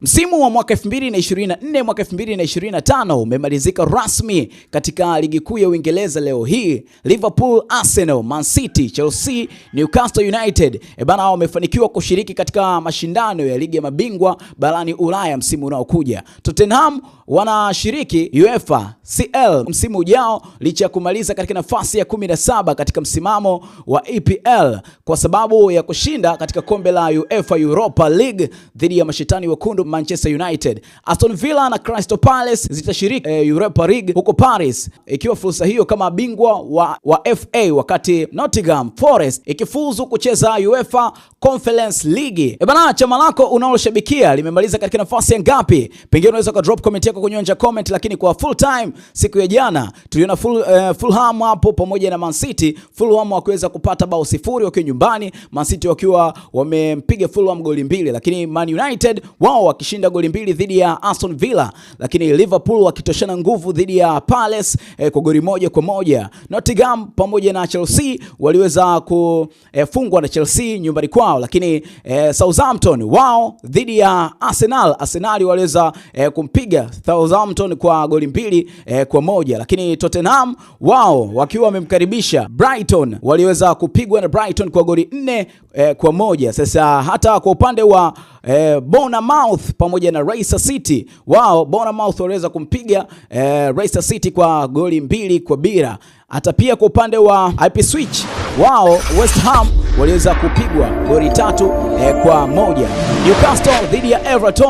Msimu wa mwaka 2024 mwaka 2025 umemalizika rasmi katika ligi kuu ya Uingereza leo hii. Liverpool, Arsenal, Man City, Chelsea, Newcastle United ebana wamefanikiwa kushiriki katika mashindano ya ligi ya mabingwa barani Ulaya msimu unaokuja. Tottenham wanashiriki UEFA CL msimu ujao licha ya kumaliza katika nafasi ya 17 katika msimamo wa EPL kwa sababu ya kushinda katika kombe la UEFA Europa League dhidi ya mashetani wekundu Real, Manchester United, Aston Villa na Crystal Palace zitashiriki eh, Europa League huko Paris, ikiwa fursa hiyo kama bingwa wa, wa FA, wakati Nottingham Forest ikifuzu kucheza UEFA Conference League. E bana, chama lako unaloshabikia limemaliza katika nafasi ya ngapi? Pengine unaweza ka drop comment yako kwenye onja comment, lakini kwa full time siku ya jana tuliona full, uh, Fulham hapo pamoja na Man City. Fulham wakiweza kupata bao sifuri wakiwa nyumbani, Man City wakiwa wamempiga Fulham goli mbili, lakini Man United wao wakishinda goli mbili dhidi ya Aston Villa, lakini Liverpool wakitoshana nguvu dhidi ya Palace eh, kwa goli moja kwa moja. Nottingham pamoja na Chelsea waliweza kufungwa eh, na Chelsea nyumbani kwao, lakini eh, Southampton wao dhidi ya Arsenal, Arsenal waliweza eh, kumpiga Southampton kwa goli mbili eh, kwa moja, lakini Tottenham wao wakiwa wamemkaribisha Brighton waliweza kupigwa na Brighton kwa goli nne eh, kwa moja. Sasa hata kwa upande wa eh, Bournemouth pamoja na Leicester City. Wao Bournemouth waliweza kumpiga eh, Leicester City kwa goli mbili kwa bila. Hata pia kwa upande wa Ipswich wao West Ham waliweza kupigwa goli tatu eh, kwa moja. Newcastle dhidi ya Everton